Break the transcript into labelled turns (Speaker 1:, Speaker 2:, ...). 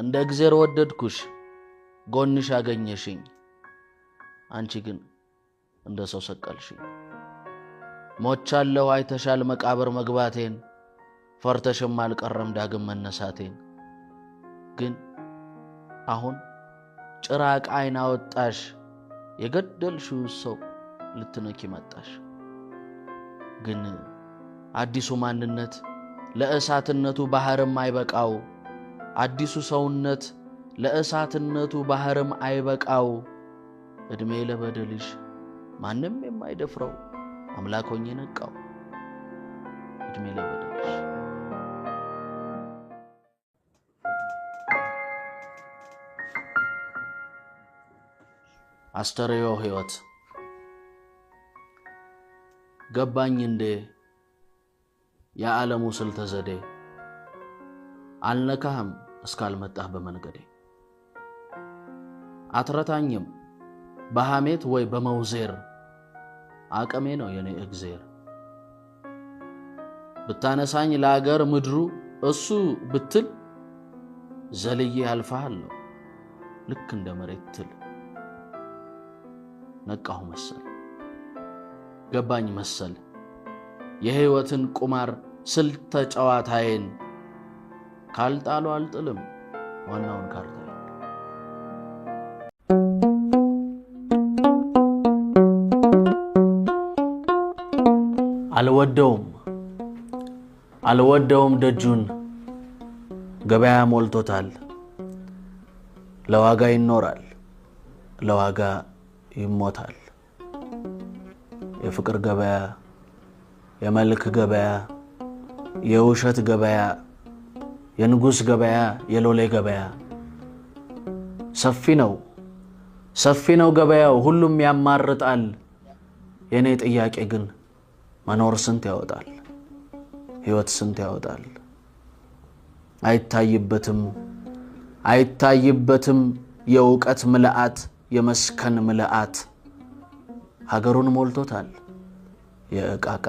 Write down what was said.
Speaker 1: እንደ እግዜር ወደድኩሽ ጎንሽ አገኘሽኝ፣ አንቺ ግን እንደ ሰው ሰቀልሽኝ። ሞቻለሁ አይተሻል መቃብር መግባቴን፣ ፈርተሽም አልቀረም ዳግም መነሳቴን። ግን አሁን ጭራቅ ዓይን አወጣሽ የገደልሽው ሰው ልትነኪ መጣሽ። ግን አዲሱ ማንነት ለእሳትነቱ ባህርም አይበቃው አዲሱ ሰውነት ለእሳትነቱ ባህርም አይበቃው። እድሜ ለበደልሽ ማንም የማይደፍረው አምላክ ሆኜ ነቃው። ዕድሜ ለበደልሽ አስተርዮ ህይወት ገባኝ እንዴ የዓለሙ ስልተ ዘዴ አልነካህም እስካልመጣህ በመንገዴ አትረታኝም። በሐሜት ወይ በመውዜር አቅሜ ነው የኔ እግዜር። ብታነሳኝ ለአገር ምድሩ እሱ ብትል ዘልዬ ያልፋሃለሁ ልክ እንደ መሬት ትል። ነቃሁ መሰል ገባኝ መሰል የሕይወትን ቁማር ስልተ ጨዋታዬን ካልጣለው አልጥልም ዋናውን ካርታ አልወደውም አልወደውም ደጁን ገበያ ሞልቶታል። ለዋጋ ይኖራል ለዋጋ ይሞታል። የፍቅር ገበያ፣ የመልክ ገበያ፣ የውሸት ገበያ የንጉሥ ገበያ፣ የሎሌ ገበያ ሰፊ ነው፣ ሰፊ ነው ገበያው፣ ሁሉም ያማርጣል። የእኔ ጥያቄ ግን መኖር ስንት ያወጣል? ህይወት ስንት ያወጣል? አይታይበትም፣ አይታይበትም። የእውቀት ምልአት፣ የመስከን ምልአት ሀገሩን ሞልቶታል። የእቃቃ